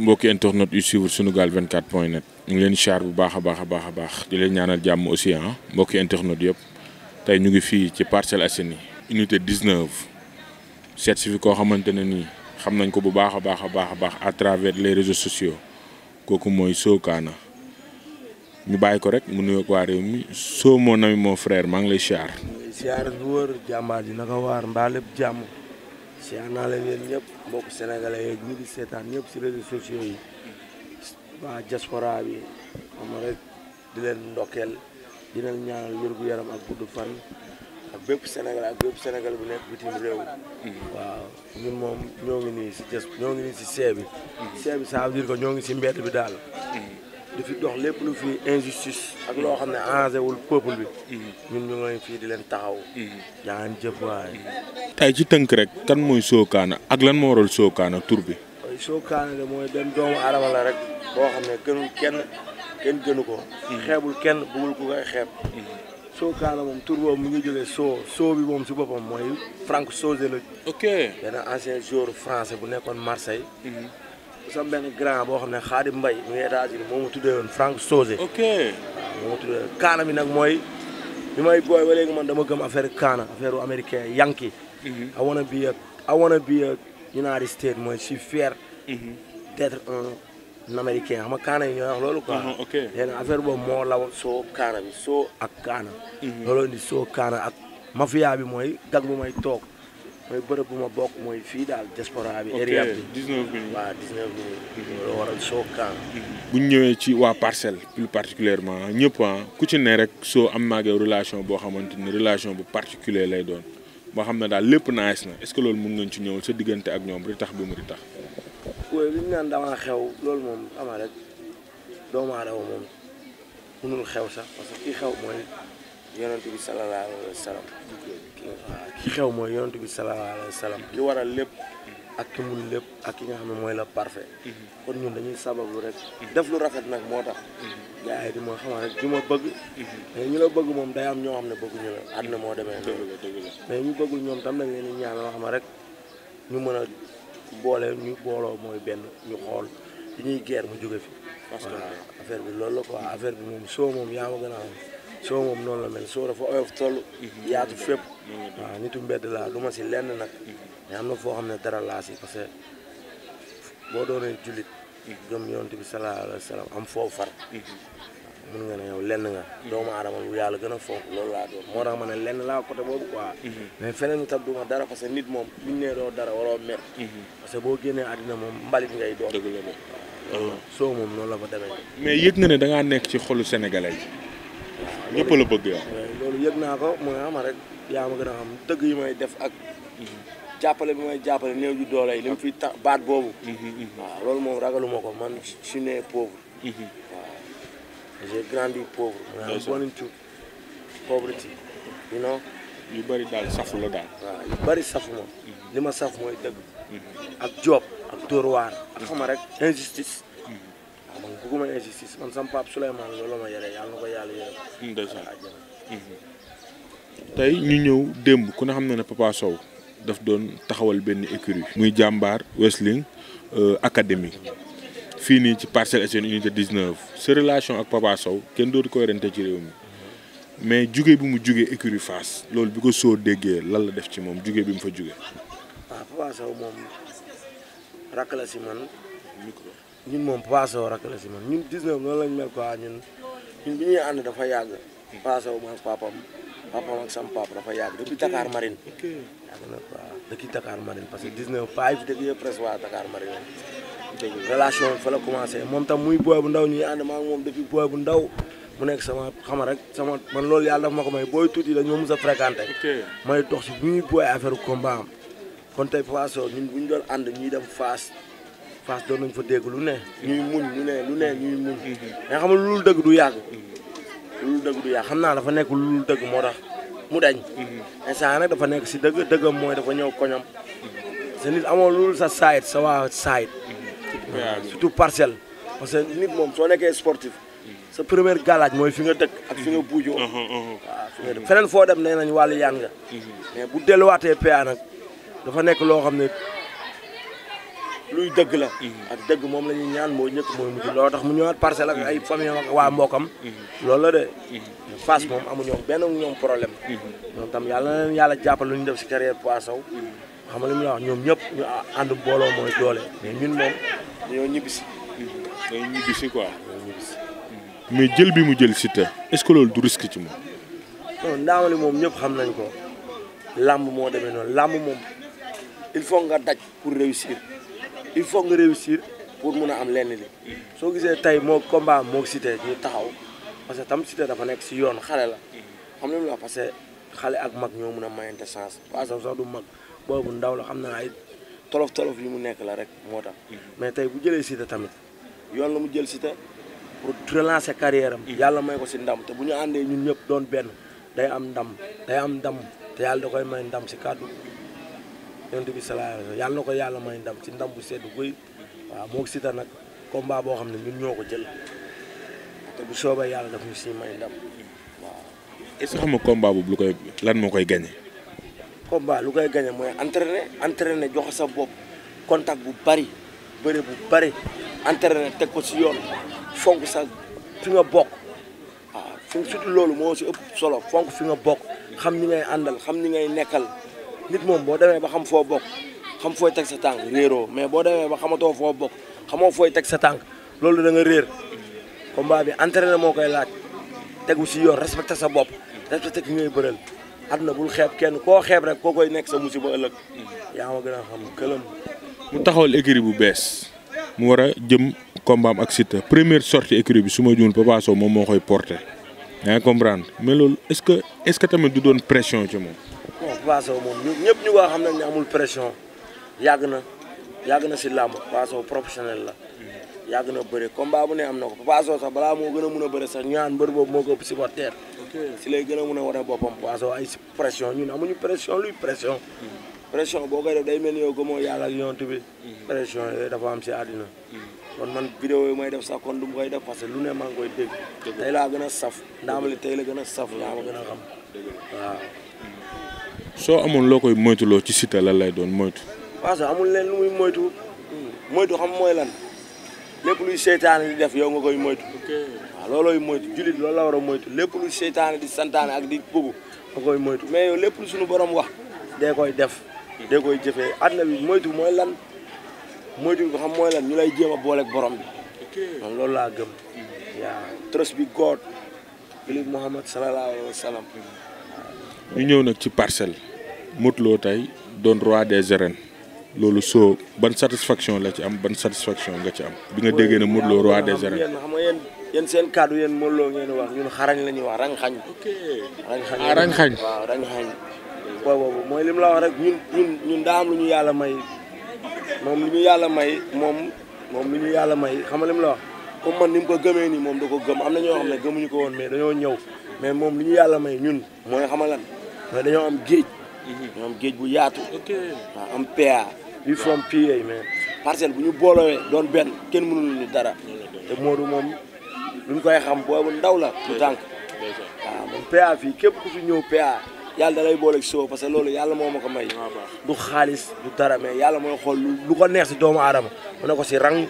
mbokki internet yu suivre Sunugal 24 point net ñu leen char bu baax a baax a baax a baax di leen ñaanal jàmm aussi ah, mbokki internet yëpp tey ñu ngi fii ci Parcelles Assainies unité 19 seet si fi koo xamante ne nii xam nañ ko bu baax a baax a baax a baax à travers les réseaux sociaux kooku mooy kaana ñu bàyyi ko rek mu nuyoog waa réew mi soo moo nami moo frère maa ngi lay chair wër jàmbaar ji naka waar mbaa lépp jàmm. siyaar naa leen yéen ñëpp mbokk sénégalais yeeg ñu di seetaan ñëpp si réseaux sociaux yi waa diaspora bi xam rek di leen ndokkeel di leen ñaanal wérgu yaram ak gudd fan ak bépp Sénégal ak bépp Sénégal bu nekk bitim réew. Mm-hmm. waaw ñun moom ñoo ngi nii si jës ñoo ngi nii si see bi. see bi ça veut dire ñoo ngi si mbedd bi daal. Mm-hmm. di fi dox lépp lu fi injustice ak loo xam ne arrangé wul peuple bi ñun ñu ngi fii di leen taxaw jaan jëf waay tey ci tënk rek kan mooy Sokane ak lan moo waral Sokane tur bi Sokane de mooy benn doomu aadama la rek boo xam ne gënul kenn gënu ko xeebul kenn bëggul ku koy xeeb Sokane moom tur boobu mu ngi jógee soo soo bi moom si boppam mooy Franck Sosé la ok benn ancien joueur français bu nekkoon Marseille sama benn grand boo xam ne Xaadim Mbay mu ngi États-Unis moo tuddee woon Frank Sosé. ok waaw moo ma kaana bi nag mooy bi may booy ba léegi man dama gëm affaire kaana affaire américain yankee. Mhm. I wanna be a States mooy je suis fier mhm. d'être un américain xam kaana yi ñooy wax loolu quoi. Mhm, ok léegi boobu moo lawal soo kaana bi soo ak kaana. looloo soo kaana ak mafia bi mooy gag bu may toog. mooy bërëb bu ma bokk mooy fii daal diaspora bi. area bi 19 minutes waaw 19 minutes. loolu waral soo kaan. bu ñëwee ci waa parcelle plus particulièrement ñëpp ah ku ci ne rek soo am naa relation boo xamante ni relation bu particulier lay doon moo xam ne daal lépp nice na est-ce loolu mun ngeen ci ñëwal sa diggante ak ñoom ri tax bi mu ri tax. waaye naan damaa xew loolu moom ama rek doomu aadama moom mënul xew sax parce que kii xew mooy yonent bi salallaahu alayhi wa sallam ki xew mooy yonent bi salallaahu alayhi wa ki waral lépp ak ki mun lépp ak ki nga xam ne mooy la parfait kon ñun dañuy lu rek def lu rafet nag moo tax gars yi di ma xamal rek ñu la bëgg moom day am ñoo xam ne bëgguñu la àdduna moo demee mais ñu bëggul ñoom tam nañ leen ñaan loo xam rek ñu mën a boole ñu booloo mooy benn ñu xool di ñuy guerre mu jóge fi parce que affaire bi loolu la quoi affaire bi moom soo moom yaa ma gën a xam soo moom noonu la mel soo dafa oyof toll. yaatu fépp. waaw nitu mbedd laa du ma si lenn nag. mais am foo xam ne dara laa si parce que boo doonee jullit. gëm yonent bi salallaahu alayhi wa salaam am nga ne lenn nga. doomu aadama yàlla gën fonk loolu laa doon ma ne lenn laa côté boobu quoi. mais feneen itam du ma dara parce que nit moom buñ nee doo dara waroo mer. parce que boo génnee àddina moom mbalit ngay doon. dëgg la soo moom noonu la fa demee. mais yëg nga ne da ngaa nekk ci xolu sénégalais yi. ñëpp la bëgg yow. loolu yëg naa ko mu ah, ne rek yaa ma gën a xam tëgg yi may def ak. jàppale bi may jàppale néew ju doole yi li fi tax baat boobu. Mm-hmm, mm-hmm. waaw loolu moom ragaluma ko man je suis né pauvre. Mm-hmm. waaw j'ai grandi pauvre. maanaam born into pauvreté you know. yu bëri daal safu la daal. waaw yu bëri safu ma. li ma saf mooy dëgg. ak job ak dóor ak xama rek injustice. bëgguma injustice man sama pap Souleymane loolu ma yore yàlla na ko yàlla yërëm. ndeysaan tey ñu ñëw démb ku ne xam na ne Papa Sow daf doon taxawal benn écurie muy jàmbaar wrestling euh, académie fii nii ci Parcelles Assainies unité 19 sa relation ak Papa Sow kenn dootu koy rente ci réew mi mais juge bi mu jugee écurie Fass loolu bi ko soo déggee lan la def ci moom juge bi mu fa jugee. waaw ah, Papa Sow moom rakk la si man. ñun moom Papa Sow rek la si man ñun 19 noonu lañ mel quoi ñun ñun bi ñuy ànd dafa yàgg Papa Sow moom papam papam ak sam pap dafa yàgg depuis Dakar Marine yàgg na quoi depuis Dakar Marine parce que 19 pas yi fi dëgg yëpp presque waa Dakar Marine relation bi fa muy booy bu ndaw ñuy ànd maa ngi moom depuis booy bu ndaw mu nekk sama xama rek sama man loolu yàlla dafa ma ko may booy tuuti dañoo mos a fréquenté may dox si bu ñuy booy affaire combat am kon tey Papa Sow ñun bu ñu doon ànd ñuy dem Fass Fass doon nañ fa dégg lu ne ñuy muñ lu ne lu ne ñuy muñ mm-hmm. mais xam nga lu dul dëgg du yàgg lu dul dëgg du yàgg xam naa dafa nekk lu dul dëgg moo tax mu dañ mm-hmm. instant nag dafa nekk si dëgg dëggam mooy dafa ñëw koñam sa nit amoo lu dul sa saayit sa waa saayit mm-hmm. surtout parcelle parce que nit moom soo nekkee sportif sa première galaaj mooy fi nga dëkk ak fi nga buujoo waaw fi nga dëkk feneen foo dem nee nañ wàllu yaan nga mais bu delluwaatee PA nag dafa nekk loo xam ne luy dëgg la. ak dëgg moom la ñuy ñaan moo njëkk mooy mujj looloo tax mu ñëwaat parcelle ak ay famille ak waa mbokkam. loolu la de. Fass moom amuñu benn ñoom problème. ñoom tam yàlla na leen yàlla jàppal lu ñu def si carrière Papa Sow. xam nga li mu wax ñoom ñëpp ñu ànd mbooloo mooy doole mais ñun moom dañoo ñibbisi. dañoo ñibbisi quoi. dañoo ñibbisi. mais jël bi mu jël Siteu est-ce loolu du risque ci moom. non ndaamali moom ñëpp xam nañ ko. làmb moo demee noonu làmb moom il faut nga daj pour réussir. il faut nga réussir pour mun a am lenn li soo gisee tey moo combat moo Siteu ñu taxaw parce que tam Siteu dafa nekk si yoon xale la xam nga la parce que xale ak mag ñoo mun a mayante chance Papa Sow sax du mag ndaw la xam na ay tolof tolof yi mu nekk la rek moo tax mais tey bu jëlee Siteu tamit yoon la mu jël Siteu pour relancer carrière am yàlla may ko si ndam te bu ñu àndee ñun ñëpp doon benn day am ndam day am ndam te yàlla da koy may ndam si kàddu yonent bi sallallahu alayhi wa sallam yàlla na ko yàlla may ndam ci ndam bu sedd guy waaw moo Siteu nag combat boo xam ne ñun ñoo ko jël te bu soobee yàlla daf ñu si may ndam waaw. est-ce que xam nga combat boobu lu koy lan moo koy gagné. combat lu koy gagné mooy entraîner entraîner jox sa bopp contact bu bari bëre bu bari entraîner teg ko si yoon fonk sa fi nga bokk waaw fi surtout loolu moo si ëpp solo fonk fi nga bokk xam ni ngay àndal xam ni ngay nekkal. nit moom boo demee ba xam foo bokk xam fooy teg sa tànk réeroo mais boo demee ba xamatoo foo bokk xamoo fooy teg sa tànk loolu da nga réer combat bi entraîné moo koy laaj tegu si yoon respecté sa bopp respecté ki ngay bëreel àdduna bul xeeb kenn koo xeeb rek koo koy nekk sa musiba ëllëg yaa ma gën a xam këlam. mu taxawal écurie bu bees mu war a jëm combat am ak Siteu première sortie écurie bi su ma juul Papa moom moo koy porte yaa ngi comprendre mai loolu est-ce que est-ce que tamit doon pression ci bon Papa Sow moom ñu ñëpp ñu ko na nañ amul pression yàgg na yàgg na si làmb Papa Sow la yàgg na bëre combat mu ne am na ko Papa Sow sax balaa moo gën a mun a bëre sax ñaan mbër boobu moo ko ëpp supporter si lay gën a mun a wane boppam Papa Sow ay pression ñun ñu pression luy pression mm-hmm. pression boo koy def day mel ni yow moo yàlla ak yonent bi mm-hmm. pression yooyu dafa am si àddina mm-hmm. kon man vidéo yi may def sax kon du mu koy def parce que lu ne maa ngi koy dégg tey laa gën a saf ndaamali tey la gën a saf yaa ma gën a xam waaw soo amoon loo koy moytuloo ci Siteu lan lay doon moytu. waaw sax amul leen lu muy moytu moytu xam mooy lan lépp luy seytaane di def yow nga koy moytu. waaw loolooy moytu jullit loolu la war a moytu lépp luy seytaane di santaane ak di bëgg nga koy moytu mais yow lépp lu suñu borom wax dee koy def. dee koy jëfee àdduna bi moytu mooy lan moytu bi xam mooy lan ñu lay jéem a booleeg borom bi. man loolu laa gëm. yaa trust bi God. Bilib Muhammad sallallahu alayhi ñu ñëw nag ci parcelle. Modou Lo tey doon roi des arènes loolu soo ban satisfaction la ci am ban satisfaction nga ci am bi nga déggee ne Modou Lo roi des arènes. xam nga yéen yéen seen kàddu yéen Modou Lo ngeen wax ñun xarañ la ñuy wax rañ xañ. ok rañ xañ ah, waaw rañ xañ. mooy li mu la wax ñun daa am lu ñu yàlla may moom lu ñu yàlla may moom moom lu ñu yàlla may xam nga li la wax comme man ni mu ko gëmee nii moom da ko gëm am na ñoo xam ne gëmuñu ko woon mais dañoo ñëw mais moom lu ñu yàlla may ñun mooy xamalan mooy dañoo am géej. ñoom géej bu yaatu. ok waaw am PA. we from PA man. parcelle bu ñu boolowee doon benn kenn mënul ni dara. te Modou moom luñ koy xam boobu ndaw la. mu tànk waaw moom PA fii képp ku fi ñëw PA. yàlla da boole booleeg soo parce loolu yàlla moo ma ko may. Ah, du xaalis du dara mais yàlla mooy xool lu ko neex si doomu aadama mu ne ko si rang.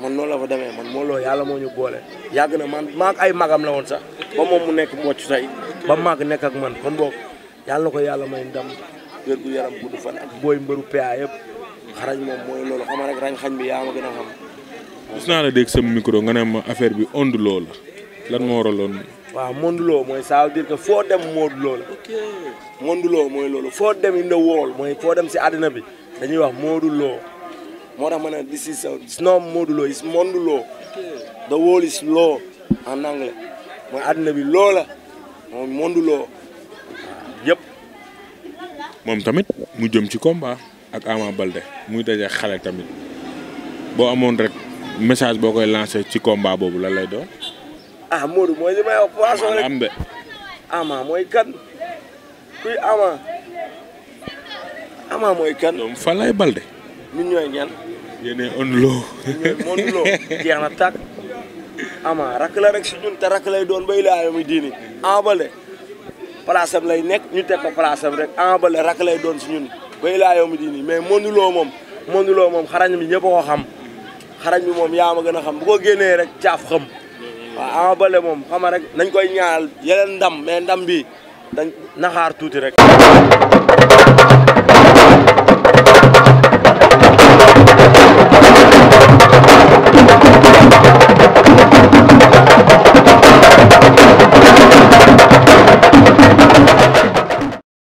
man noonu la fa demee man moo loolu yàlla moo ñu boole yàgg na man maag ay magam la woon sax ba moom mu nekk mbocc tey ba maag nekk ak man kon boobu yàlla ko yàlla may ndam wér gu yaram gudd fan ak booy mbëru yëpp xarañ moom mooy loolu xam rek rañ xañ bi yaa ma gën a xam. gis micro nga affaire bi Onde lan moo mooy ça veut foo dem Onde mooy loolu foo dem in the world mooy foo dem si àddina bi dañuy wax Onde Lo moo tax ma ne this is it's not Onde Lo world is law en anglais mooy àddina bi loo la moom tamit mu jëm ci combat ak Ama Baldé muy daje xale tamit boo amoon rek message boo koy lancé ci combat boobu la lay doon. ah mooy li may wax kan fan lay Baldé. ñun ñooy ñan. yéenay onloo. ñooy onloo jeex na tàkk. rakk la rek si ñun te rakk lay doon bay laa muy diini Ama Baldé. place lay nekk ñu teg ko place am rek rak lay doon si ñun ba ilaa yow mi di nii mais Modou moom Modou moom xarañ bi ñëpp a xam xarañ bi moom yaa ma gën a xam bu ko génnee rek caaf xam waaw emballé moom xama rek nañ koy ñaanal yeneen ndam mais ndam bi dañ naxaar tuuti rek